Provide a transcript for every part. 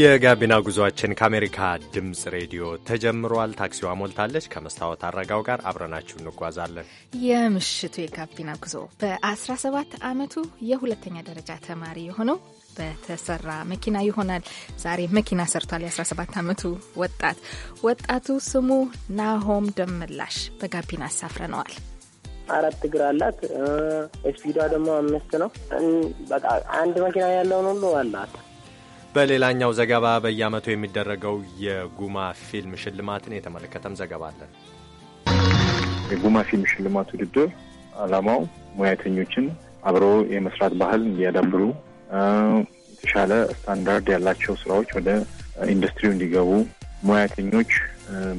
የጋቢና ጉዞአችን ከአሜሪካ ድምፅ ሬዲዮ ተጀምሯል። ታክሲዋ ሞልታለች። ከመስታወት አረጋው ጋር አብረናችሁ እንጓዛለን። የምሽቱ የጋቢና ጉዞ በ17 ዓመቱ የሁለተኛ ደረጃ ተማሪ የሆነው በተሰራ መኪና ይሆናል። ዛሬ መኪና ሰርቷል። የ17 ዓመቱ ወጣት ወጣቱ ስሙ ናሆም ደምላሽ በጋቢና አሳፍረነዋል። አራት እግር አላት። ስፒዷ ደግሞ አምስት ነው። በቃ አንድ መኪና ያለውን ሁሉ አላት። በሌላኛው ዘገባ በየዓመቱ የሚደረገው የጉማ ፊልም ሽልማትን የተመለከተም ዘገባ አለን። የጉማ ፊልም ሽልማት ውድድር ዓላማው ሙያተኞችን አብሮ የመስራት ባህል እንዲያዳብሩ የተሻለ ስታንዳርድ ያላቸው ስራዎች ወደ ኢንዱስትሪው እንዲገቡ ሙያተኞች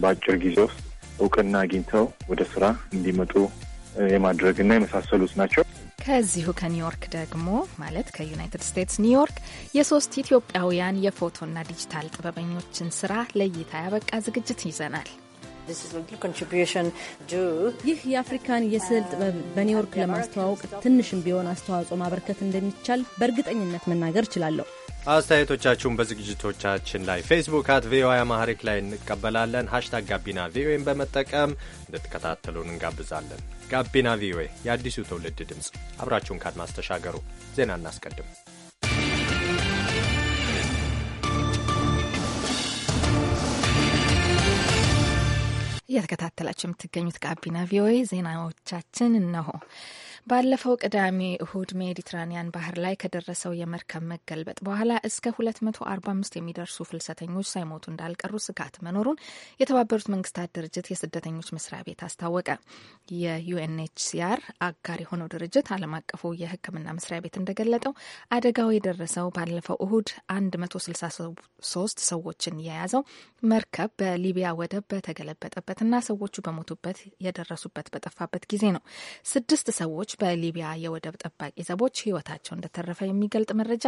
በአጭር ጊዜ ውስጥ እውቅና አግኝተው ወደ ስራ እንዲመጡ የማድረግ እና የመሳሰሉት ናቸው። ከዚሁ ከኒውዮርክ ደግሞ ማለት ከዩናይትድ ስቴትስ ኒውዮርክ የሶስት ኢትዮጵያውያን የፎቶና ዲጂታል ጥበበኞችን ስራ ለእይታ ያበቃ ዝግጅት ይዘናል። ይህ የአፍሪካን የስዕል ጥበብ በኒውዮርክ ለማስተዋወቅ ትንሽም ቢሆን አስተዋጽኦ ማበርከት እንደሚቻል በእርግጠኝነት መናገር እችላለሁ። አስተያየቶቻችሁን በዝግጅቶቻችን ላይ ፌስቡክ አት ቪኦኤ አማሪክ ላይ እንቀበላለን። ሀሽታግ ጋቢና ቪኦኤን በመጠቀም እንድትከታተሉን እንጋብዛለን። ጋቢና ቪኦኤ የአዲሱ ትውልድ ድምፅ፣ አብራችሁን ካድማስ ተሻገሩ። ዜና እናስቀድም። እየተከታተላችሁ የምትገኙት ጋቢና ቪኦኤ ዜናዎቻችን እነሆ። ባለፈው ቅዳሜ እሁድ ሜዲትራኒያን ባህር ላይ ከደረሰው የመርከብ መገልበጥ በኋላ እስከ 245 የሚደርሱ ፍልሰተኞች ሳይሞቱ እንዳልቀሩ ስጋት መኖሩን የተባበሩት መንግስታት ድርጅት የስደተኞች መስሪያ ቤት አስታወቀ። የዩኤንኤችሲአር አጋር የሆነው ድርጅት ዓለም አቀፉ የሕክምና መስሪያ ቤት እንደገለጠው አደጋው የደረሰው ባለፈው እሁድ 163 ሰዎችን የያዘው መርከብ በሊቢያ ወደብ በተገለበጠበትና ሰዎቹ በሞቱበት የደረሱበት በጠፋበት ጊዜ ነው። ስድስት ሰዎች በሊቢያ የወደብ ጠባቂ ዘቦች ህይወታቸው እንደተረፈ የሚገልጥ መረጃ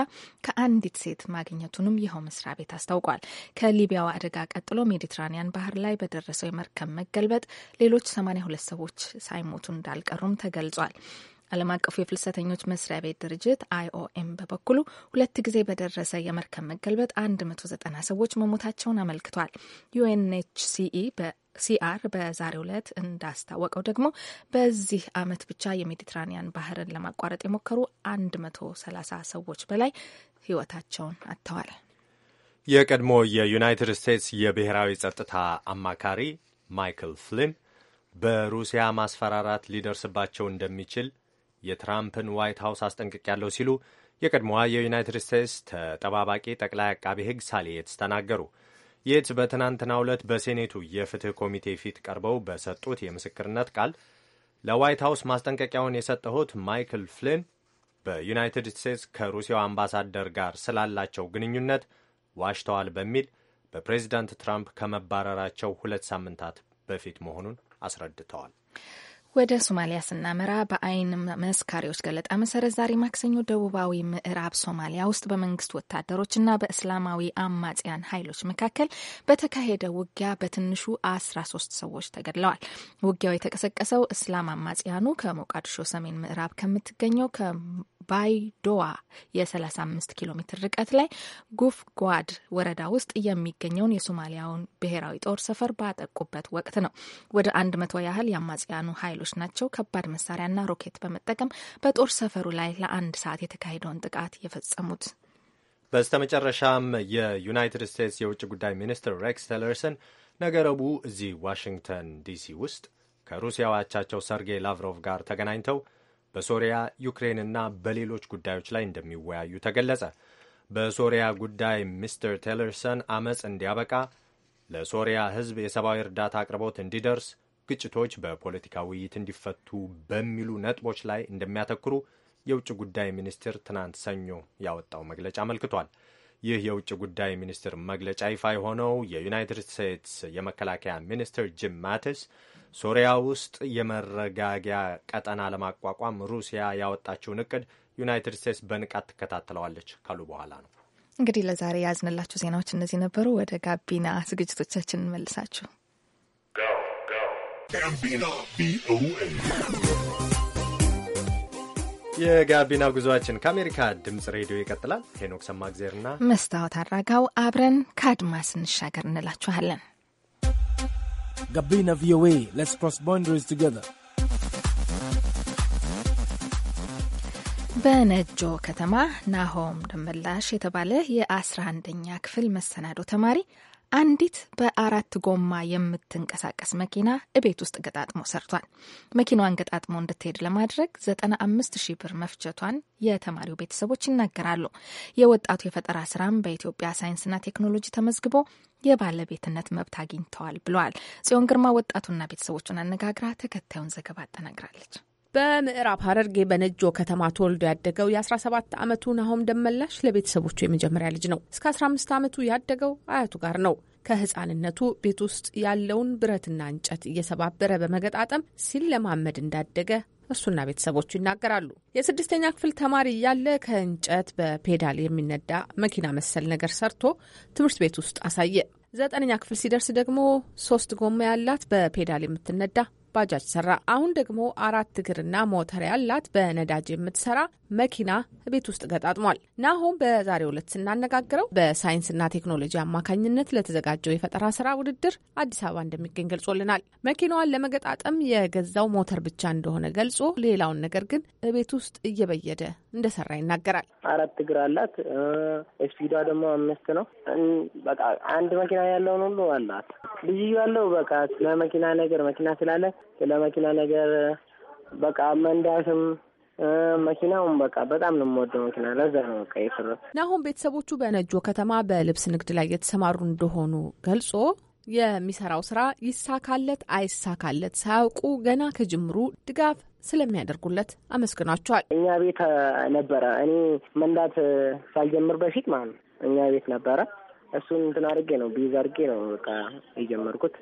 ከአንዲት ሴት ማግኘቱንም ይኸው መስሪያ ቤት አስታውቋል። ከሊቢያው አደጋ ቀጥሎ ሜዲትራኒያን ባህር ላይ በደረሰው የመርከብ መገልበጥ ሌሎች 82 ሰዎች ሳይሞቱ እንዳልቀሩም ተገልጿል። ዓለም አቀፉ የፍልሰተኞች መስሪያ ቤት ድርጅት አይኦኤም በበኩሉ ሁለት ጊዜ በደረሰ የመርከብ መገልበጥ 190 ሰዎች መሞታቸውን አመልክቷል። ዩኤንኤችሲኢ ሲአር በዛሬው ዕለት እንዳስታወቀው ደግሞ በዚህ ዓመት ብቻ የሜዲትራኒያን ባህርን ለማቋረጥ የሞከሩ 130 ሰዎች በላይ ሕይወታቸውን አጥተዋል። የቀድሞ የዩናይትድ ስቴትስ የብሔራዊ ጸጥታ አማካሪ ማይክል ፍሊን በሩሲያ ማስፈራራት ሊደርስባቸው እንደሚችል የትራምፕን ዋይት ሀውስ ያለው ሲሉ የቀድሞዋ የዩናይትድ ስቴትስ ተጠባባቂ ጠቅላይ አቃቤ ሕግ ሳሊ ተናገሩ። የትስ በትናንትናው ዕለት በሴኔቱ የፍትህ ኮሚቴ ፊት ቀርበው በሰጡት የምስክርነት ቃል ለዋይት ሀውስ ማስጠንቀቂያውን የሰጠሁት ማይክል ፍሊን በዩናይትድ ስቴትስ ከሩሲያው አምባሳደር ጋር ስላላቸው ግንኙነት ዋሽተዋል በሚል በፕሬዚዳንት ትራምፕ ከመባረራቸው ሁለት ሳምንታት በፊት መሆኑን አስረድተዋል። ወደ ሶማሊያ ስናመራ በአይን መስካሪዎች ገለጣ መሰረት ዛሬ ማክሰኞ ደቡባዊ ምዕራብ ሶማሊያ ውስጥ በመንግስት ወታደሮችና በእስላማዊ አማጽያን ኃይሎች መካከል በተካሄደ ውጊያ በትንሹ አስራ ሶስት ሰዎች ተገድለዋል። ውጊያው የተቀሰቀሰው እስላም አማጽያኑ ከሞቃዲሾ ሰሜን ምዕራብ ከምትገኘው ባይዶዋ የ35 ኪሎ ሜትር ርቀት ላይ ጉፍ ጓድ ወረዳ ውስጥ የሚገኘውን የሶማሊያውን ብሔራዊ ጦር ሰፈር ባጠቁበት ወቅት ነው። ወደ አንድ መቶ ያህል የአማጽያኑ ኃይሎች ናቸው ከባድ መሳሪያና ሮኬት በመጠቀም በጦር ሰፈሩ ላይ ለአንድ ሰዓት የተካሄደውን ጥቃት የፈጸሙት። በስተመጨረሻም የዩናይትድ ስቴትስ የውጭ ጉዳይ ሚኒስትር ሬክስ ቴለርሰን ነገ ረቡዕ እዚህ ዋሽንግተን ዲሲ ውስጥ ከሩሲያው አቻቸው ሰርጌይ ላቭሮቭ ጋር ተገናኝተው በሶሪያ ዩክሬንና በሌሎች ጉዳዮች ላይ እንደሚወያዩ ተገለጸ። በሶሪያ ጉዳይ ሚስተር ቴለርሰን አመፅ እንዲያበቃ፣ ለሶሪያ ሕዝብ የሰብአዊ እርዳታ አቅርቦት እንዲደርስ፣ ግጭቶች በፖለቲካ ውይይት እንዲፈቱ በሚሉ ነጥቦች ላይ እንደሚያተኩሩ የውጭ ጉዳይ ሚኒስቴር ትናንት ሰኞ ያወጣው መግለጫ አመልክቷል። ይህ የውጭ ጉዳይ ሚኒስትር መግለጫ ይፋ የሆነው የዩናይትድ ስቴትስ የመከላከያ ሚኒስትር ጂም ማቲስ ሶሪያ ውስጥ የመረጋጊያ ቀጠና ለማቋቋም ሩሲያ ያወጣችውን እቅድ ዩናይትድ ስቴትስ በንቃት ትከታተለዋለች ካሉ በኋላ ነው። እንግዲህ ለዛሬ ያዝንላችሁ ዜናዎች እነዚህ ነበሩ። ወደ ጋቢና ዝግጅቶቻችን እንመልሳችሁ። የጋቢና ጉዞአችን ከአሜሪካ ድምጽ ሬዲዮ ይቀጥላል። ሄኖክ ሰማግዜርና መስታወት አራጋው አብረን ከአድማስ እንሻገር እንላችኋለን። Gabina VOA. Let's cross boundaries together. በነጆ ከተማ ናሆም ደመላሽ የተባለ የ11ኛ ክፍል መሰናዶ ተማሪ አንዲት በአራት ጎማ የምትንቀሳቀስ መኪና እቤት ውስጥ ገጣጥሞ ሰርቷል። መኪናዋን ገጣጥሞ እንድትሄድ ለማድረግ ዘጠና አምስት ሺህ ብር መፍጀቷን የተማሪው ቤተሰቦች ይናገራሉ። የወጣቱ የፈጠራ ስራም በኢትዮጵያ ሳይንስና ቴክኖሎጂ ተመዝግቦ የባለቤትነት መብት አግኝተዋል ብለዋል። ጽዮን ግርማ ወጣቱና ቤተሰቦቹን አነጋግራ ተከታዩን ዘገባ አጠናግራለች። በምዕራብ ሐረርጌ በነጆ ከተማ ተወልዶ ያደገው የ17 ዓመቱ ናሆም ደመላሽ ለቤተሰቦቹ የመጀመሪያ ልጅ ነው። እስከ 15 ዓመቱ ያደገው አያቱ ጋር ነው። ከህፃንነቱ ቤት ውስጥ ያለውን ብረትና እንጨት እየሰባበረ በመገጣጠም ሲለማመድ እንዳደገ እሱና ቤተሰቦቹ ይናገራሉ። የስድስተኛ ክፍል ተማሪ እያለ ከእንጨት በፔዳል የሚነዳ መኪና መሰል ነገር ሰርቶ ትምህርት ቤት ውስጥ አሳየ። ዘጠነኛ ክፍል ሲደርስ ደግሞ ሶስት ጎማ ያላት በፔዳል የምትነዳ ባጃጅ ሰራ። አሁን ደግሞ አራት እግርና ሞተር ያላት በነዳጅ የምትሰራ መኪና ቤት ውስጥ ገጣጥሟል። ናሆም በዛሬው ዕለት ስናነጋግረው በሳይንስና ቴክኖሎጂ አማካኝነት ለተዘጋጀው የፈጠራ ስራ ውድድር አዲስ አበባ እንደሚገኝ ገልጾልናል። መኪናዋን ለመገጣጠም የገዛው ሞተር ብቻ እንደሆነ ገልጾ ሌላውን ነገር ግን ቤት ውስጥ እየበየደ እንደሰራ ይናገራል። አራት እግር አላት። ስፒዷ ደግሞ አምስት ነው። በቃ አንድ መኪና ያለውን ሁሉ አላት። ልዩ ያለው በቃ መኪና ነገር መኪና ስላለ ስለ መኪና ነገር በቃ መንዳትም መኪናውን በቃ በጣም ነው የምወደው መኪና። ለዛ ነው በቃ የፍረት ናሁን ቤተሰቦቹ በነጆ ከተማ በልብስ ንግድ ላይ የተሰማሩ እንደሆኑ ገልጾ የሚሰራው ስራ ይሳካለት አይሳካለት ሳያውቁ ገና ከጅምሩ ድጋፍ ስለሚያደርጉለት አመስግኗቸዋል። እኛ ቤት ነበረ እኔ መንዳት ሳልጀምር በፊት ማለት ነው እኛ ቤት ነበረ። እሱን እንትን አድርጌ ነው ቢዝ አድርጌ ነው በቃ የጀመርኩት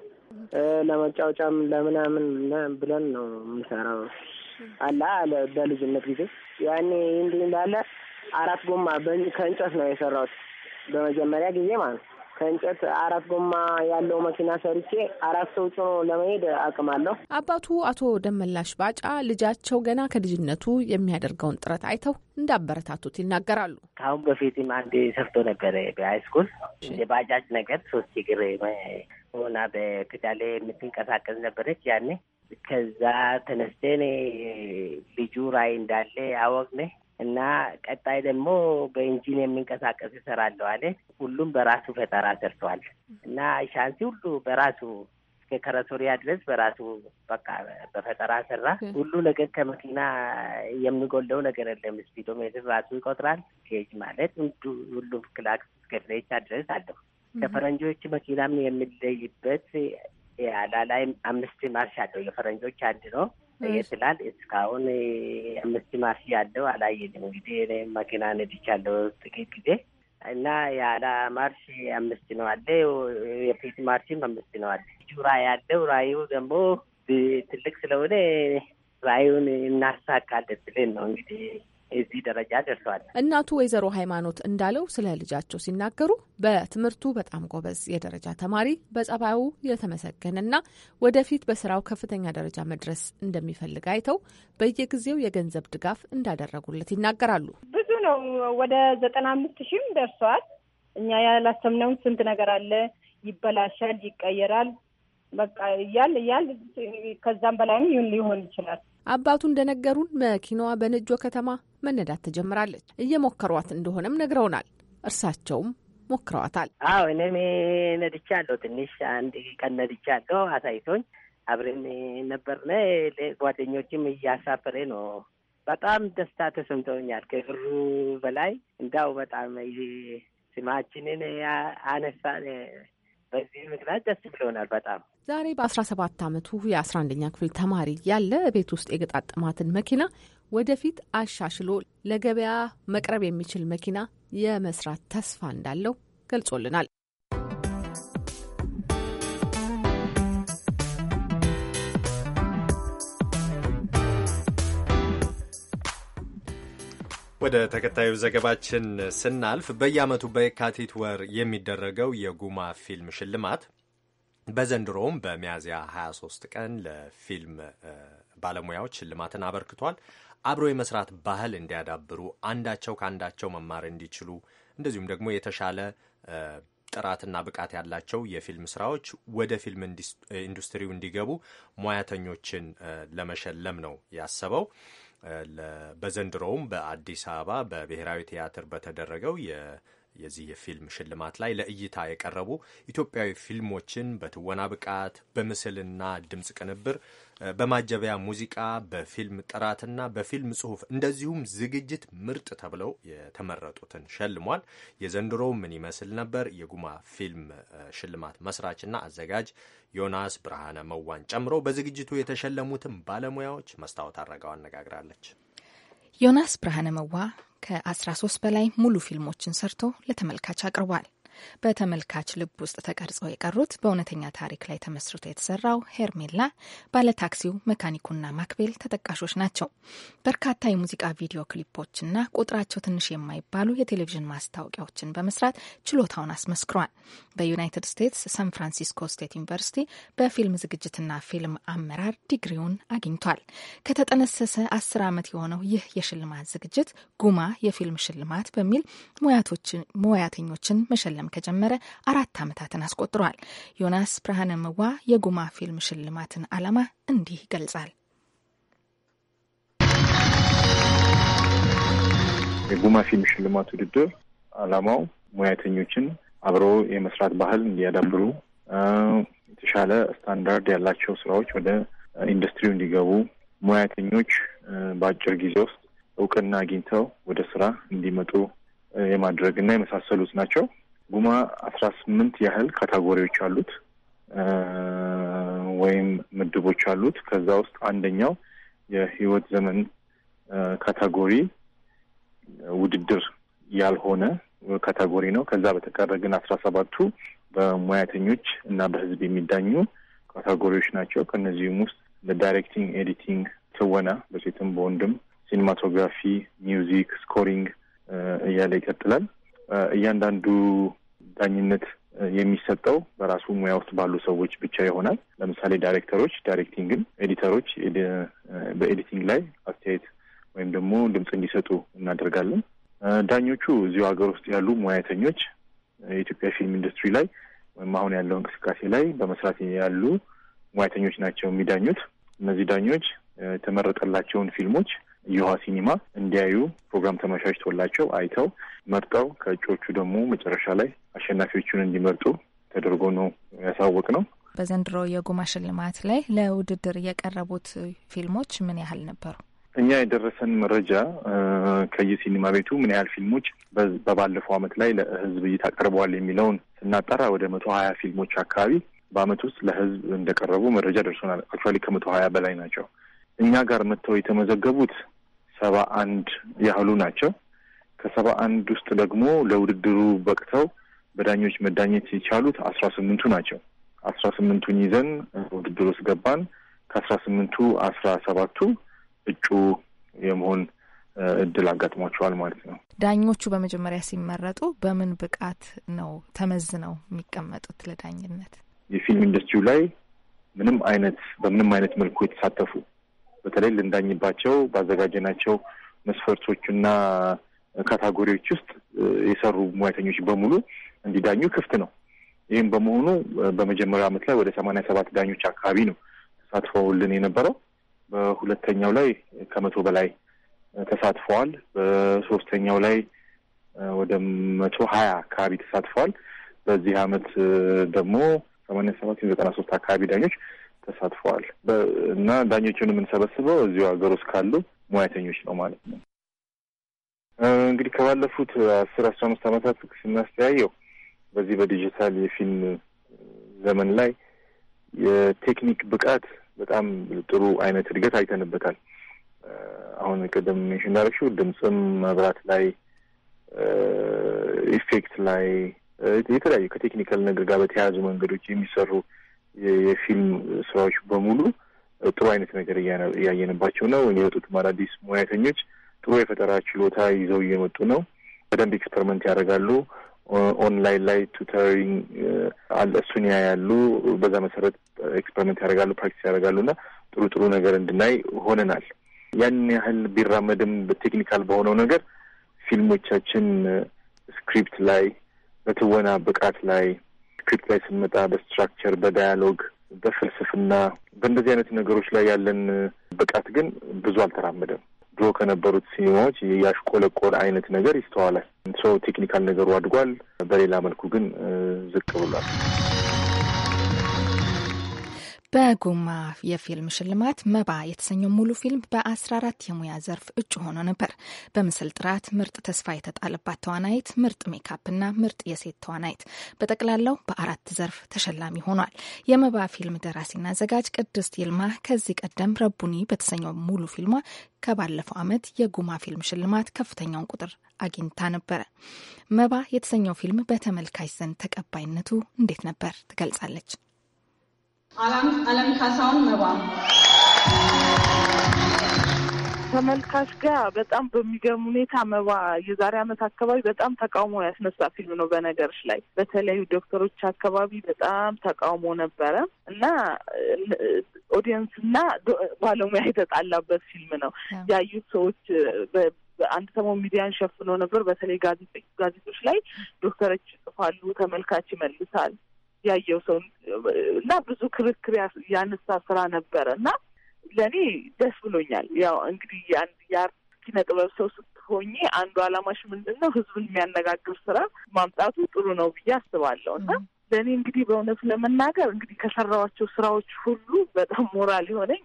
ለመጫወቻም ለምናምን ብለን ነው የምንሰራው። አለ በልጅነት ጊዜ ያኔ እንዲህ እንዳለ አራት ጎማ ከእንጨት ነው የሰራሁት በመጀመሪያ ጊዜ ማለት ከእንጨት አራት ጎማ ያለው መኪና ሰርቼ አራት ሰው ጭኖ ለመሄድ አቅም አለው። አባቱ አቶ ደመላሽ ባጫ ልጃቸው ገና ከልጅነቱ የሚያደርገውን ጥረት አይተው እንዳበረታቱት ይናገራሉ። ከአሁን በፊትም አንዴ ሰርቶ ነበረ በሃይስኩል የባጃጅ ነገር ሶስት እግር ሆና በፔዳል የምትንቀሳቀስ ነበረች ያኔ። ከዛ ተነስተን ልጁ ራይ እንዳለ አወቅነ እና ቀጣይ ደግሞ በኢንጂን የሚንቀሳቀስ እሰራለሁ አለ። ሁሉም በራሱ ፈጠራ ሰርተዋል እና ሻንሲ ሁሉ በራሱ እስከ ከረሶሪያ ድረስ በራሱ በቃ በፈጠራ ሰራ። ሁሉ ነገር ከመኪና የምንጎለው ነገር የለም። ስፒዶ ሜትር ራሱ ይቆጥራል። ኬጅ ማለት ሁሉ ክላክስ እስከ ፍሬቻ ድረስ አለው። ከፈረንጆች በኪላም የምንለይበት አላላይ አምስት ማርሽ አለው። የፈረንጆች አንድ ነው የትላል እስካሁን አምስት ማርሽ ያለው አላየንም። እንግዲህ መኪና ነድቻለሁ ጥቂት ጊዜ እና የኋላ ማርሽ አምስት ነው አለ። የፊት ማርሽም አምስት ነው አለ። ራዕይ ያለው ራዩ ደግሞ ትልቅ ስለሆነ ራዩን እናሳካለን ብለን ነው እንግዲህ እዚህ ደረጃ ደርሰዋል። እናቱ ወይዘሮ ሃይማኖት እንዳለው ስለ ልጃቸው ሲናገሩ በትምህርቱ በጣም ጎበዝ የደረጃ ተማሪ፣ በጸባዩ የተመሰገነና ወደፊት በስራው ከፍተኛ ደረጃ መድረስ እንደሚፈልግ አይተው በየጊዜው የገንዘብ ድጋፍ እንዳደረጉለት ይናገራሉ። ብዙ ነው፣ ወደ ዘጠና አምስት ሺህም ደርሰዋል። እኛ ያላሰብነውን ስንት ነገር አለ። ይበላሻል፣ ይቀየራል፣ በቃ እያል እያል ከዛም በላይም ሊሆን ይችላል አባቱ እንደነገሩን መኪናዋ በነጆ ከተማ መነዳት ተጀምራለች። እየሞከሯት እንደሆነም ነግረውናል። እርሳቸውም ሞክረዋታል። አዎ እኔም ነድቻለሁ። ትንሽ አንድ ቀን ነድቻለሁ። አሳይቶኝ አብረን ነበርነ። ጓደኞችም እያሳፈረ ነው። በጣም ደስታ ተሰምተውኛል። ከብሩ በላይ እንዳው በጣም ስማችንን አነሳ በዚህ ምክንያት ደስ ብሎናል በጣም። ዛሬ በአስራ ሰባት አመቱ የአስራ አንደኛ ክፍል ተማሪ ያለ ቤት ውስጥ የገጣጠማትን መኪና ወደፊት አሻሽሎ ለገበያ መቅረብ የሚችል መኪና የመስራት ተስፋ እንዳለው ገልጾልናል። ወደ ተከታዩ ዘገባችን ስናልፍ በየዓመቱ በየካቲት ወር የሚደረገው የጉማ ፊልም ሽልማት በዘንድሮውም በሚያዝያ 23 ቀን ለፊልም ባለሙያዎች ሽልማትን አበርክቷል። አብሮ የመስራት ባህል እንዲያዳብሩ አንዳቸው ከአንዳቸው መማር እንዲችሉ እንደዚሁም ደግሞ የተሻለ ጥራትና ብቃት ያላቸው የፊልም ስራዎች ወደ ፊልም ኢንዱስትሪው እንዲገቡ ሙያተኞችን ለመሸለም ነው ያሰበው። በዘንድሮውም በአዲስ አበባ በብሔራዊ ቲያትር በተደረገው የዚህ የፊልም ሽልማት ላይ ለእይታ የቀረቡ ኢትዮጵያዊ ፊልሞችን በትወና ብቃት፣ በምስልና ድምፅ ቅንብር፣ በማጀቢያ ሙዚቃ፣ በፊልም ጥራትና በፊልም ጽሑፍ እንደዚሁም ዝግጅት ምርጥ ተብለው የተመረጡትን ሸልሟል። የዘንድሮው ምን ይመስል ነበር? የጉማ ፊልም ሽልማት መስራችና አዘጋጅ ዮናስ ብርሃነ መዋን ጨምሮ በዝግጅቱ የተሸለሙትን ባለሙያዎች መስታወት አድረገው አነጋግራለች። ዮናስ ብርሃነ መዋ ከ13 በላይ ሙሉ ፊልሞችን ሰርቶ ለተመልካች አቅርቧል። በተመልካች ልብ ውስጥ ተቀርጸው የቀሩት በእውነተኛ ታሪክ ላይ ተመስርቶ የተሰራው ሄርሜላ፣ ባለታክሲው፣ መካኒኩና ማክቤል ተጠቃሾች ናቸው። በርካታ የሙዚቃ ቪዲዮ ክሊፖችና ቁጥራቸው ትንሽ የማይባሉ የቴሌቪዥን ማስታወቂያዎችን በመስራት ችሎታውን አስመስክሯል። በዩናይትድ ስቴትስ ሳን ፍራንሲስኮ ስቴት ዩኒቨርሲቲ በፊልም ዝግጅትና ፊልም አመራር ዲግሪውን አግኝቷል። ከተጠነሰሰ አስር ዓመት የሆነው ይህ የሽልማት ዝግጅት ጉማ የፊልም ሽልማት በሚል ሙያተኞችን መሸለም መሸለም ከጀመረ አራት ዓመታትን አስቆጥሯል። ዮናስ ብርሃነ ምዋ የጉማ ፊልም ሽልማትን ዓላማ እንዲህ ይገልጻል። የጉማ ፊልም ሽልማት ውድድር ዓላማው ሙያተኞችን አብሮ የመስራት ባህል እንዲያዳብሩ የተሻለ ስታንዳርድ ያላቸው ስራዎች ወደ ኢንዱስትሪው እንዲገቡ ሙያተኞች በአጭር ጊዜ ውስጥ እውቅና አግኝተው ወደ ስራ እንዲመጡ የማድረግ እና የመሳሰሉት ናቸው። ጉማ አስራ ስምንት ያህል ካታጎሪዎች አሉት ወይም ምድቦች አሉት። ከዛ ውስጥ አንደኛው የህይወት ዘመን ካታጎሪ ውድድር ያልሆነ ካታጎሪ ነው። ከዛ በተቀረ ግን አስራ ሰባቱ በሙያተኞች እና በህዝብ የሚዳኙ ካታጎሪዎች ናቸው። ከእነዚህም ውስጥ ለዳይሬክቲንግ፣ ኤዲቲንግ፣ ትወና በሴትም በወንድም፣ ሲኒማቶግራፊ፣ ሚውዚክ ስኮሪንግ እያለ ይቀጥላል። እያንዳንዱ ዳኝነት የሚሰጠው በራሱ ሙያ ውስጥ ባሉ ሰዎች ብቻ ይሆናል። ለምሳሌ ዳይሬክተሮች ዳይሬክቲንግን፣ ኤዲተሮች በኤዲቲንግ ላይ አስተያየት ወይም ደግሞ ድምፅ እንዲሰጡ እናደርጋለን። ዳኞቹ እዚሁ ሀገር ውስጥ ያሉ ሙያተኞች የኢትዮጵያ ፊልም ኢንዱስትሪ ላይ ወይም አሁን ያለው እንቅስቃሴ ላይ በመስራት ያሉ ሙያተኞች ናቸው የሚዳኙት። እነዚህ ዳኞች የተመረጠላቸውን ፊልሞች የውሃ ሲኒማ እንዲያዩ ፕሮግራም ተመቻችቶላቸው አይተው መርጠው ከእጩዎቹ ደግሞ መጨረሻ ላይ አሸናፊዎቹን እንዲመርጡ ተደርጎ ነው ያሳወቅ ነው። በዘንድሮ የጉማ ሽልማት ላይ ለውድድር የቀረቡት ፊልሞች ምን ያህል ነበሩ? እኛ የደረሰን መረጃ ከየሲኒማ ቤቱ ምን ያህል ፊልሞች በባለፈው አመት ላይ ለህዝብ እይታ ቀርበዋል የሚለውን ስናጠራ ወደ መቶ ሀያ ፊልሞች አካባቢ በአመት ውስጥ ለህዝብ እንደቀረቡ መረጃ ደርሶናል። አክቹዋሊ ከመቶ ሀያ በላይ ናቸው። እኛ ጋር መጥተው የተመዘገቡት ሰባ አንድ ያህሉ ናቸው። ከሰባ አንድ ውስጥ ደግሞ ለውድድሩ በቅተው በዳኞች መዳኘት የቻሉት አስራ ስምንቱ ናቸው። አስራ ስምንቱን ይዘን ውድድር ውስጥ ገባን። ከአስራ ስምንቱ አስራ ሰባቱ እጩ የመሆን እድል አጋጥሟቸዋል ማለት ነው። ዳኞቹ በመጀመሪያ ሲመረጡ በምን ብቃት ነው ተመዝነው የሚቀመጡት ለዳኝነት? የፊልም ኢንዱስትሪው ላይ ምንም አይነት በምንም አይነት መልኩ የተሳተፉ በተለይ ልንዳኝባቸው ባዘጋጀናቸው መስፈርቶችና ካታጎሪዎች ውስጥ የሰሩ ሙያተኞች በሙሉ እንዲዳኙ ክፍት ነው። ይህም በመሆኑ በመጀመሪያው ዓመት ላይ ወደ ሰማንያ ሰባት ዳኞች አካባቢ ነው ተሳትፈውልን የነበረው። በሁለተኛው ላይ ከመቶ በላይ ተሳትፈዋል። በሶስተኛው ላይ ወደ መቶ ሀያ አካባቢ ተሳትፈዋል። በዚህ አመት ደግሞ ሰማንያ ሰባት ዘጠና ሶስት አካባቢ ዳኞች ተሳትፈዋል እና ዳኞቹን የምንሰበስበው እዚሁ ሀገር ውስጥ ካሉ ሙያተኞች ነው ማለት ነው። እንግዲህ ከባለፉት አስር አስራ አምስት ዓመታት ስናስተያየው በዚህ በዲጂታል የፊልም ዘመን ላይ የቴክኒክ ብቃት በጣም ጥሩ አይነት እድገት አይተንበታል። አሁን ቅድም ሽ እንዳረግሽው ድምፅም መብራት ላይ ኢፌክት ላይ የተለያዩ ከቴክኒካል ነገር ጋር በተያያዙ መንገዶች የሚሰሩ የፊልም ስራዎች በሙሉ ጥሩ አይነት ነገር እያየንባቸው ነው። የወጡትም አዳዲስ ሙያተኞች ጥሩ የፈጠራ ችሎታ ይዘው እየመጡ ነው። በደንብ ኤክስፐሪመንት ያደርጋሉ። ኦንላይን ላይ ቱተሪንግ አለ፣ እሱን ያያሉ። በዛ መሰረት ኤክስፐሪመንት ያደርጋሉ፣ ፕራክቲስ ያደርጋሉ እና ጥሩ ጥሩ ነገር እንድናይ ሆነናል። ያን ያህል ቢራመድም በቴክኒካል በሆነው ነገር ፊልሞቻችን ስክሪፕት ላይ፣ በትወና ብቃት ላይ ስክሪፕት ላይ ስንመጣ በስትራክቸር፣ በዳያሎግ፣ በፍልስፍና በእንደዚህ አይነት ነገሮች ላይ ያለን ብቃት ግን ብዙ አልተራመደም። ድሮ ከነበሩት ሲኒማዎች ያሽቆለቆለ አይነት ነገር ይስተዋላል። ሰው ቴክኒካል ነገሩ አድጓል፣ በሌላ መልኩ ግን ዝቅ ብሏል። በጉማ የፊልም ሽልማት መባ የተሰኘው ሙሉ ፊልም በ14 የሙያ ዘርፍ እጩ ሆኖ ነበር። በምስል ጥራት፣ ምርጥ ተስፋ የተጣለባት ተዋናይት፣ ምርጥ ሜካፕና ምርጥ የሴት ተዋናይት በጠቅላላው በአራት ዘርፍ ተሸላሚ ሆኗል። የመባ ፊልም ደራሲና አዘጋጅ ቅድስት ይልማ ከዚህ ቀደም ረቡኒ በተሰኘው ሙሉ ፊልሟ ከባለፈው ዓመት የጉማ ፊልም ሽልማት ከፍተኛውን ቁጥር አግኝታ ነበረ። መባ የተሰኘው ፊልም በተመልካች ዘንድ ተቀባይነቱ እንዴት ነበር? ትገልጻለች። አለም ካሳውን መባ ተመልካች ጋር በጣም በሚገርም ሁኔታ መባ የዛሬ ዓመት አካባቢ በጣም ተቃውሞ ያስነሳ ፊልም ነው። በነገሮች ላይ በተለያዩ ዶክተሮች አካባቢ በጣም ተቃውሞ ነበረ እና ኦዲየንስ እና ባለሙያ የተጣላበት ፊልም ነው። ያዩት ሰዎች አንድ ሰሞን ሚዲያን ሸፍኖ ነበር። በተለይ ጋዜጦች ላይ ዶክተሮች ይጽፋሉ፣ ተመልካች ይመልሳል ያየው ሰው እና ብዙ ክርክር ያነሳ ስራ ነበረ እና ለእኔ ደስ ብሎኛል። ያው እንግዲህ የአንድ የአርት ኪነ ጥበብ ሰው ስትሆኚ አንዱ አላማሽ ምንድን ነው ህዝብን የሚያነጋግር ስራ ማምጣቱ ጥሩ ነው ብዬ አስባለሁ እና ለእኔ እንግዲህ በእውነቱ ለመናገር እንግዲህ ከሰራኋቸው ስራዎች ሁሉ በጣም ሞራል የሆነኝ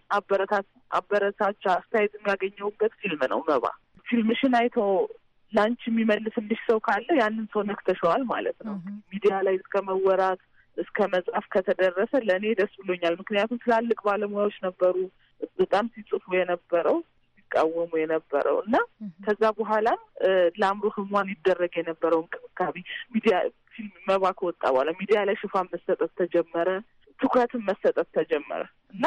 አበረታች አስተያየት የሚያገኘውበት ፊልም ነው። መባ ፊልምሽን አይቶ ለአንቺ የሚመልስልሽ ሰው ካለ ያንን ሰው ነክተሸዋል ማለት ነው። ሚዲያ ላይ እስከ መወራት እስከ መጽሐፍ ከተደረሰ ለእኔ ደስ ብሎኛል። ምክንያቱም ትላልቅ ባለሙያዎች ነበሩ በጣም ሲጽፉ የነበረው ሲቃወሙ የነበረው እና ከዛ በኋላም ለአእምሮ ህሟን ይደረግ የነበረው እንክብካቤ ሚዲያ ፊልም መባ ከወጣ በኋላ ሚዲያ ላይ ሽፋን መሰጠት ተጀመረ፣ ትኩረትን መሰጠት ተጀመረ እና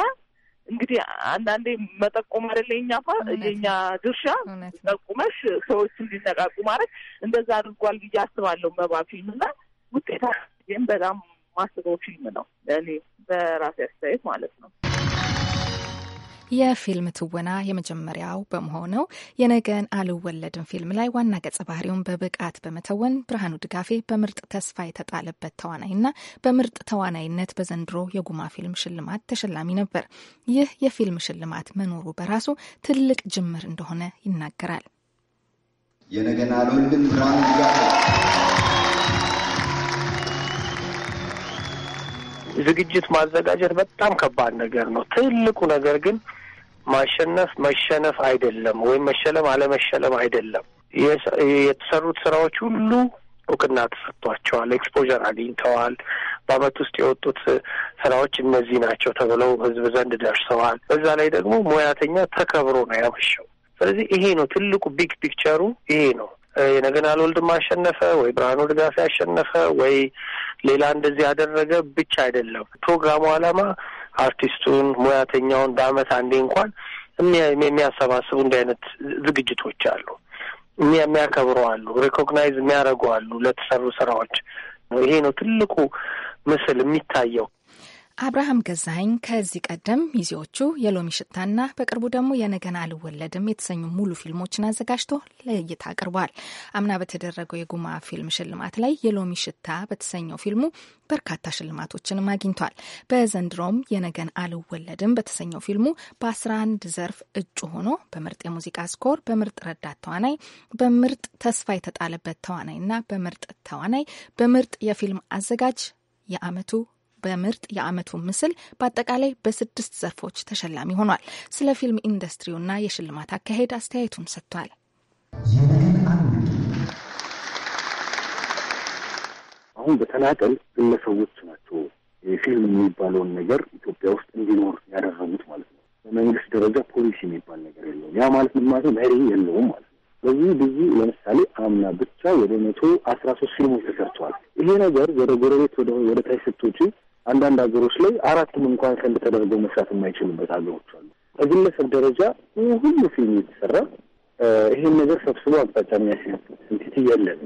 እንግዲህ አንዳንዴ መጠቆም አይደለ የኛ የኛ ድርሻ ጠቁመሽ ሰዎች እንዲነቃቁ ማድረግ እንደዛ አድርጓል ብዬ አስባለሁ። መባ ፊልም እና ውጤታ በጣም ማስበው ፊልም ነው እኔ በራሴ አስተያየት ማለት ነው። የፊልም ትወና የመጀመሪያው በመሆነው የነገን አልወለድም ፊልም ላይ ዋና ገጸ ባህሪውን በብቃት በመተወን ብርሃኑ ድጋፌ በምርጥ ተስፋ የተጣለበት ተዋናይና በምርጥ ተዋናይነት በዘንድሮ የጉማ ፊልም ሽልማት ተሸላሚ ነበር። ይህ የፊልም ሽልማት መኖሩ በራሱ ትልቅ ጅምር እንደሆነ ይናገራል። የነገን አልወለድም ብርሃኑ ድጋፌ ዝግጅት ማዘጋጀት በጣም ከባድ ነገር ነው። ትልቁ ነገር ግን ማሸነፍ መሸነፍ አይደለም፣ ወይም መሸለም አለመሸለም አይደለም። የተሰሩት ስራዎች ሁሉ እውቅና ተሰጥቷቸዋል፣ ኤክስፖዠር አግኝተዋል። በአመት ውስጥ የወጡት ስራዎች እነዚህ ናቸው ተብለው ህዝብ ዘንድ ደርሰዋል። በዛ ላይ ደግሞ ሙያተኛ ተከብሮ ነው ያመሸው። ስለዚህ ይሄ ነው ትልቁ ቢግ ፒክቸሩ ይሄ ነው። የነገን አልወልድም አሸነፈ ወይ ብርሃኑ ድጋፍ ያሸነፈ ወይ ሌላ እንደዚህ ያደረገ ብቻ አይደለም። ፕሮግራሙ ዓላማ አርቲስቱን፣ ሙያተኛውን በአመት አንዴ እንኳን የሚያሰባስቡ እንዲህ አይነት ዝግጅቶች አሉ። የሚያከብሩ አሉ፣ ሪኮግናይዝ የሚያደርጉ አሉ ለተሰሩ ስራዎች። ይሄ ነው ትልቁ ምስል የሚታየው። አብርሃም ገዛኝ ከዚህ ቀደም ሚዜዎቹ የሎሚ ሽታና በቅርቡ ደግሞ የነገን አልወለድም የተሰኙ ሙሉ ፊልሞችን አዘጋጅቶ ለእይታ አቅርቧል። አምና በተደረገው የጉማ ፊልም ሽልማት ላይ የሎሚ ሽታ በተሰኘው ፊልሙ በርካታ ሽልማቶችንም አግኝቷል። በዘንድሮም የነገን አልወለድም በተሰኘው ፊልሙ በ11 ዘርፍ እጩ ሆኖ በምርጥ የሙዚቃ ስኮር፣ በምርጥ ረዳት ተዋናይ፣ በምርጥ ተስፋ የተጣለበት ተዋናይና በምርጥ ተዋናይ፣ በምርጥ የፊልም አዘጋጅ የአመቱ በምርጥ የአመቱ ምስል በአጠቃላይ በስድስት ዘርፎች ተሸላሚ ሆኗል። ስለ ፊልም ኢንዱስትሪውና የሽልማት አካሄድ አስተያየቱን ሰጥቷል። አሁን በተናጠል ግለሰቦች ናቸው የፊልም የሚባለውን ነገር ኢትዮጵያ ውስጥ እንዲኖር ያደረጉት ማለት ነው። በመንግስት ደረጃ ፖሊሲ የሚባል ነገር የለውም። ያ ማለት ምን ማለት ነው? መሪ የለውም ማለት ነው። ስለዚህ ብዙ ለምሳሌ አምና ብቻ ወደ መቶ አስራ ሶስት ፊልሞች ተሰርተዋል። ይሄ ነገር ወደ ጎረቤት ወደ ታች ስትወጪ አንዳንድ ሀገሮች ላይ አራትም እንኳን ክንድ ተደርገው መስራት የማይችሉበት ሀገሮች አሉ። በግለሰብ ደረጃ ሁሉ ፊልም የተሰራ ይሄን ነገር ሰብስቦ አቅጣጫ የሚያስ ኢንቲቲ የለን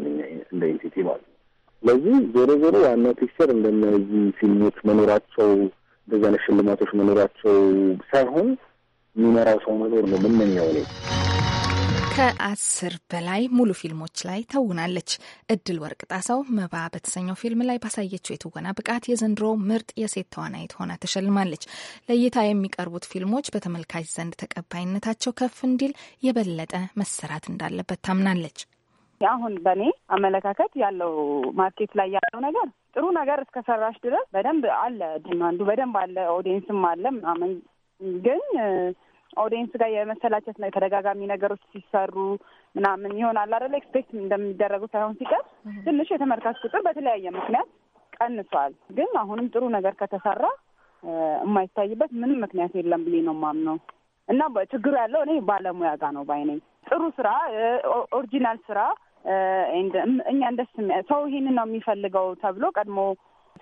እንደ ኢንቲቲ ማለት ስለዚህ ዞሮ ዞሮ ዋናው ፒክቸር እንደነዚህ ፊልሞች መኖራቸው እንደዚህ አይነት ሽልማቶች መኖራቸው ሳይሆን የሚመራው ሰው መኖር ነው። ምንም ያው ከአስር በላይ ሙሉ ፊልሞች ላይ ተውናለች። እድል ወርቅ ጣሰው መባ በተሰኘው ፊልም ላይ ባሳየችው የትወና ብቃት የዘንድሮ ምርጥ የሴት ተዋናይት ሆና ተሸልማለች። ለእይታ የሚቀርቡት ፊልሞች በተመልካች ዘንድ ተቀባይነታቸው ከፍ እንዲል የበለጠ መሰራት እንዳለበት ታምናለች። አሁን በእኔ አመለካከት ያለው ማርኬት ላይ ያለው ነገር ጥሩ ነገር እስከሰራሽ ድረስ በደንብ አለ፣ ዲማንዱ በደንብ አለ፣ ኦዲየንስም አለ ምናምን ግን ኦዲየንስ ጋር የመሰላቸት ነው። የተደጋጋሚ ነገሮች ሲሰሩ ምናምን ይሆናል አይደለ? ኤክስፔክት እንደሚደረጉ ሳይሆን ሲቀር ትንሽ የተመልካች ቁጥር በተለያየ ምክንያት ቀንሷል። ግን አሁንም ጥሩ ነገር ከተሰራ የማይታይበት ምንም ምክንያት የለም ብዬ ነው የማምነው እና ችግሩ ያለው እኔ ባለሙያ ጋር ነው ባይነኝ ጥሩ ስራ ኦሪጂናል ስራ እኛን ደስ ሰው ይሄንን ነው የሚፈልገው ተብሎ ቀድሞ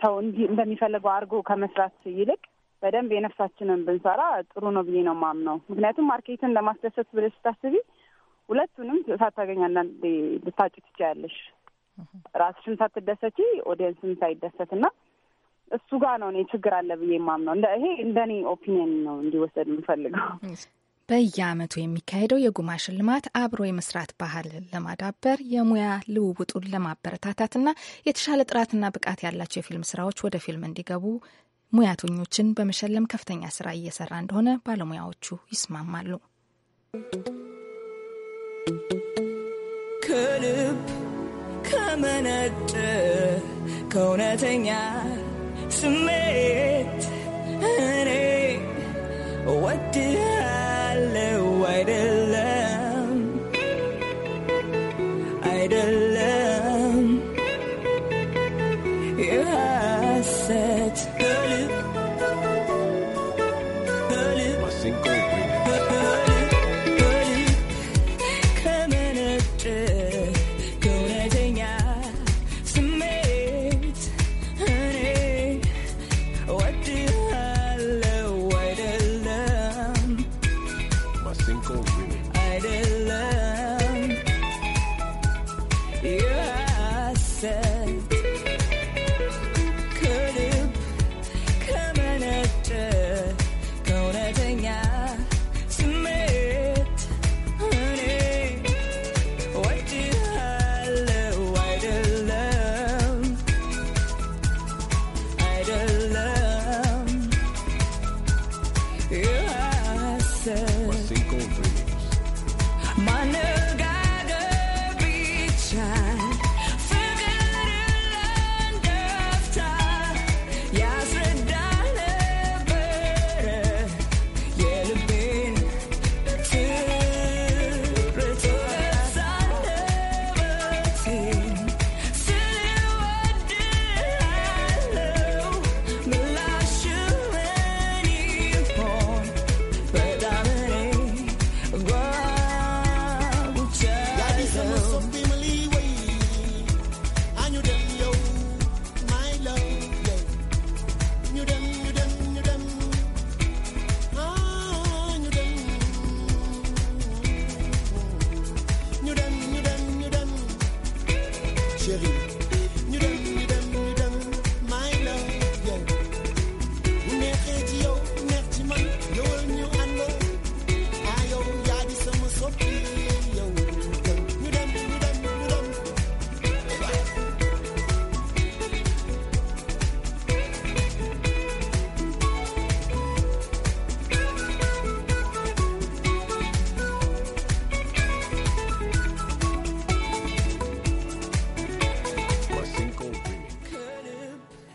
ሰው እንደሚፈልገው አድርጎ ከመስራት ይልቅ በደንብ የነፍሳችንን ብንሰራ ጥሩ ነው ብዬ ነው ማምነው። ምክንያቱም ማርኬትን ለማስደሰት ብለሽ ስታስቢ ሁለቱንም ሳታገኝ አንዳንዴ ልታጭ ትችያለሽ። ራስሽን ሳትደሰቺ ኦዲየንስም ሳይደሰት እና እሱ ጋር ነው እኔ ችግር አለ ብዬ የማምነው። ይሄ እንደኔ ኦፒኒየን ነው እንዲወሰድ የምፈልገው። በየዓመቱ የሚካሄደው የጉማ ሽልማት አብሮ የመስራት ባህል ለማዳበር የሙያ ልውውጡን ለማበረታታትና የተሻለ ጥራትና ብቃት ያላቸው የፊልም ስራዎች ወደ ፊልም እንዲገቡ ሙያተኞችን በመሸለም ከፍተኛ ስራ እየሰራ እንደሆነ ባለሙያዎቹ ይስማማሉ። ከልብ ከመነጨ ከእውነተኛ ስሜት እኔ ወድሃለው አይደል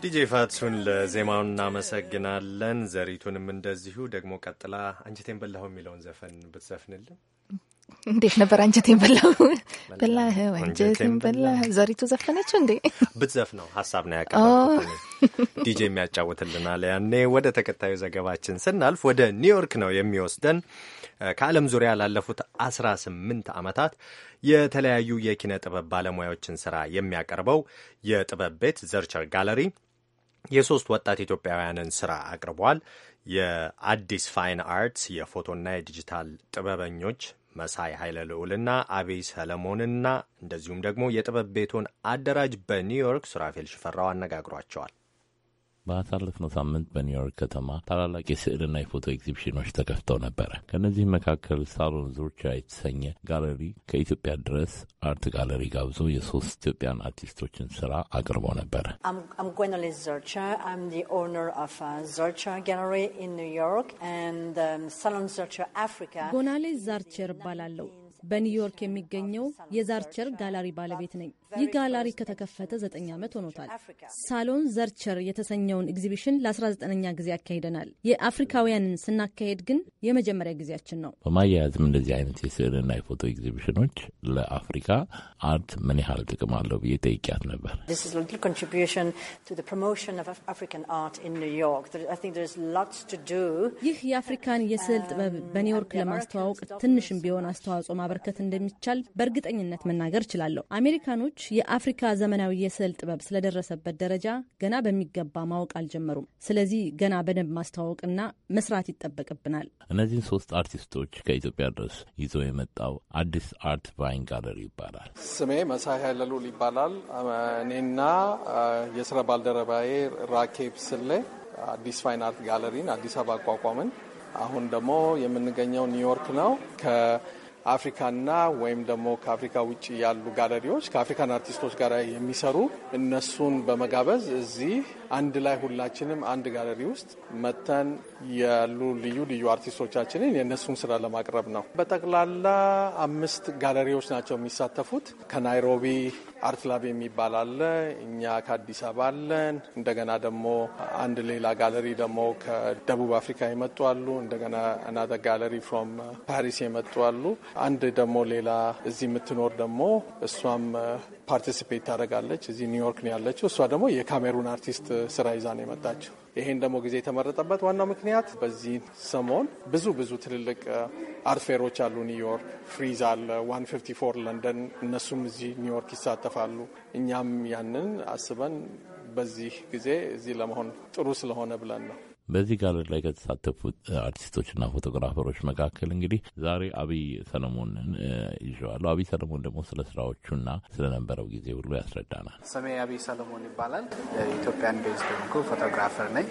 ዲጄ ፋትሱን ለዜማው እናመሰግናለን። ዘሪቱንም እንደዚሁ ደግሞ ቀጥላ አንጀቴን በላሁ የሚለውን ዘፈን ብትዘፍንልን እንዴት ነበር? አንጀቴን በላሁ በላህ አንጀቴን በላህ ዘሪቱ ዘፈነችው እንዴ? ብትዘፍ ነው ሀሳብ ነው ያቀረብኩት። ዲጄ የሚያጫውትልናል ያኔ። ወደ ተከታዩ ዘገባችን ስናልፍ ወደ ኒውዮርክ ነው የሚወስደን። ከዓለም ዙሪያ ላለፉት አስራ ስምንት ዓመታት የተለያዩ የኪነ ጥበብ ባለሙያዎችን ስራ የሚያቀርበው የጥበብ ቤት ዘርቸር ጋለሪ የሶስት ወጣት ኢትዮጵያውያንን ስራ አቅርቧል። የአዲስ ፋይን አርትስ የፎቶና የዲጂታል ጥበበኞች መሳይ ኃይለ ልዑልና አቤይ ሰለሞንና እንደዚሁም ደግሞ የጥበብ ቤቱን አደራጅ በኒውዮርክ ሱራፌል ሽፈራው አነጋግሯቸዋል። በአሳለፍነው ሳምንት በኒውዮርክ ከተማ ታላላቅ የስዕልና የፎቶ ኤግዚቢሽኖች ተከፍተው ነበረ። ከእነዚህ መካከል ሳሎን ዙርቻ የተሰኘ ጋለሪ ከኢትዮጵያ ድረስ አርት ጋለሪ ጋብዞ የሶስት ኢትዮጵያን አርቲስቶችን ስራ አቅርቦ ነበረ። ጎናሌ ዛርቸር uh, um, እባላለሁ። በኒውዮርክ የሚገኘው የዛርቸር ጋላሪ ባለቤት ነኝ። ይህ ጋላሪ ከተከፈተ ዘጠኝ ዓመት ሆኖታል። ሳሎን ዘርቸር የተሰኘውን ኤግዚቢሽን ለ19ኛ ጊዜ አካሂደናል። የአፍሪካውያንን ስናካሄድ ግን የመጀመሪያ ጊዜያችን ነው። በማያያዝም እንደዚህ አይነት የስዕልና የፎቶ ኤግዚቢሽኖች ለአፍሪካ አርት ምን ያህል ጥቅም አለው ብዬ ጠይቂያት ነበር። ይህ የአፍሪካን የስዕል ጥበብ በኒውዮርክ ለማስተዋወቅ ትንሽም ቢሆን አስተዋጽኦ ማበርከት እንደሚቻል በእርግጠኝነት መናገር እችላለሁ። አሜሪካኖች የአፍሪካ ዘመናዊ የስዕል ጥበብ ስለደረሰበት ደረጃ ገና በሚገባ ማወቅ አልጀመሩም። ስለዚህ ገና በደንብ ማስተዋወቅና መስራት ይጠበቅብናል። እነዚህን ሶስት አርቲስቶች ከኢትዮጵያ ድረስ ይዘው የመጣው አዲስ አርት ቫይን ጋለሪ ይባላል። ስሜ መሳይ ለሉል ይባላል። እኔና የስራ ባልደረባዬ ራኬብ ስሌ አዲስ ፋይን አርት ጋለሪን አዲስ አበባ አቋቋምን። አሁን ደግሞ የምንገኘው ኒውዮርክ ነው። አፍሪካና ወይም ደግሞ ከአፍሪካ ውጭ ያሉ ጋለሪዎች ከአፍሪካን አርቲስቶች ጋር የሚሰሩ እነሱን በመጋበዝ እዚህ አንድ ላይ ሁላችንም አንድ ጋለሪ ውስጥ መተን ያሉ ልዩ ልዩ አርቲስቶቻችንን የእነሱን ስራ ለማቅረብ ነው። በጠቅላላ አምስት ጋለሪዎች ናቸው የሚሳተፉት። ከናይሮቢ አርት ላብ የሚባል አለ፣ እኛ ከአዲስ አበባ አለን። እንደገና ደግሞ አንድ ሌላ ጋለሪ ደግሞ ከደቡብ አፍሪካ የመጡ አሉ። እንደገና አናተ ጋለሪ ፍሮም ፓሪስ የመጡ አሉ። አንድ ደግሞ ሌላ እዚህ የምትኖር ደግሞ እሷም ፓርቲሲፔት ታደርጋለች። እዚህ ኒውዮርክ ነው ያለችው። እሷ ደግሞ የካሜሩን አርቲስት ስራ ይዛ ነው የመጣችው። ይሄን ደግሞ ጊዜ የተመረጠበት ዋናው ምክንያት በዚህ ሰሞን ብዙ ብዙ ትልልቅ አርፌሮች አሉ። ኒውዮርክ ፍሪዝ አለ፣ 154 ለንደን፣ እነሱም እዚህ ኒውዮርክ ይሳተፋሉ። እኛም ያንን አስበን በዚህ ጊዜ እዚህ ለመሆን ጥሩ ስለሆነ ብለን ነው። በዚህ ጋለሪ ላይ ከተሳተፉት አርቲስቶችና ፎቶግራፈሮች መካከል እንግዲህ ዛሬ አብይ ሰለሞንን ይዤዋለሁ። አብይ ሰለሞን ደግሞ ስለ ስራዎቹና ስለነበረው ጊዜ ሁሉ ያስረዳናል። ስሜ አብይ ሰለሞን ይባላል። ኢትዮጵያን ቤዝ ሆንኩ ፎቶግራፈር ነኝ።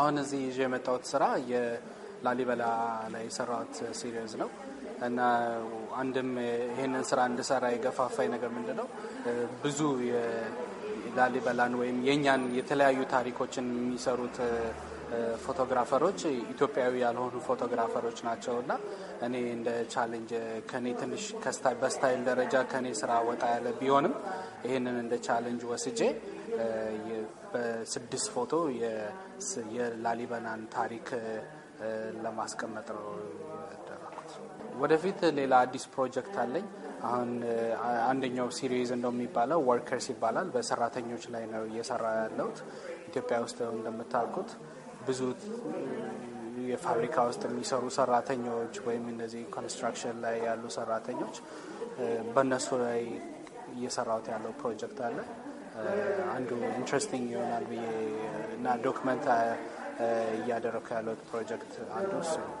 አሁን እዚህ ይዤ የመጣሁት ስራ የላሊበላ ላይ የሰራሁት ሲሪዝ ነው እና አንድም ይህንን ስራ እንድሰራ የገፋፋኝ ነገር ምንድን ነው ብዙ ላሊበላን ወይም የእኛን የተለያዩ ታሪኮችን የሚሰሩት ፎቶግራፈሮች ኢትዮጵያዊ ያልሆኑ ፎቶግራፈሮች ናቸው እና እኔ እንደ ቻሌንጅ ከኔ ትንሽ በስታይል ደረጃ ከኔ ስራ ወጣ ያለ ቢሆንም ይህንን እንደ ቻሌንጅ ወስጄ በስድስት ፎቶ የላሊበናን ታሪክ ለማስቀመጥ ነው ያደረኩት። ወደፊት ሌላ አዲስ ፕሮጀክት አለኝ። አሁን አንደኛው ሲሪዝ እንደው የሚባለው ወርከርስ ይባላል። በሰራተኞች ላይ ነው እየሰራ ያለሁት ኢትዮጵያ ውስጥ እንደምታውቁት ብዙ የፋብሪካ ውስጥ የሚሰሩ ሰራተኞች ወይም እነዚህ ኮንስትራክሽን ላይ ያሉ ሰራተኞች በእነሱ ላይ እየሰራሁት ያለው ፕሮጀክት አለ። አንዱ ኢንትረስቲንግ ይሆናል ብዬ እና ዶክመንት እያደረግኩ ያለሁት ፕሮጀክት አንዱ እሱ ነው።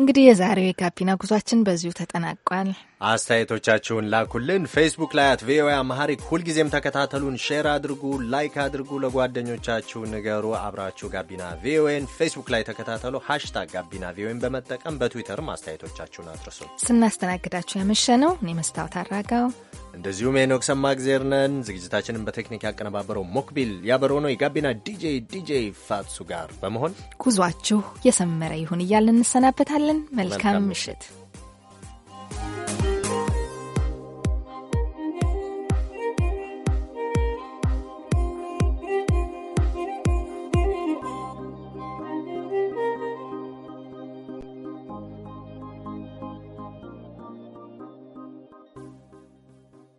እንግዲህ የዛሬው የጋቢና ጉዟችን በዚሁ ተጠናቋል። አስተያየቶቻችሁን ላኩልን። ፌስቡክ ላይ አት ቪኦኤ አማሃሪክ ሁልጊዜም ተከታተሉን፣ ሼር አድርጉ፣ ላይክ አድርጉ፣ ለጓደኞቻችሁ ንገሩ። አብራችሁ ጋቢና ቪኦኤን ፌስቡክ ላይ ተከታተሉ። ሃሽታግ ጋቢና ቪኦኤን በመጠቀም በትዊተርም አስተያየቶቻችሁን አድርሱ። ስናስተናግዳችሁ ያመሸ ነው እኔ መስታወት አራጋው እንደዚሁም ሄኖክ ሰማእግዜር ነን። ዝግጅታችንን በቴክኒክ ያቀነባበረው ሞክቢል ያበሮ ነው። የጋቢና ዲጄ ዲጄ ፋትሱ ጋር በመሆን ጉዟችሁ የሰመረ ይሁን እያልን እንሰናበታለን። መልካም ምሽት።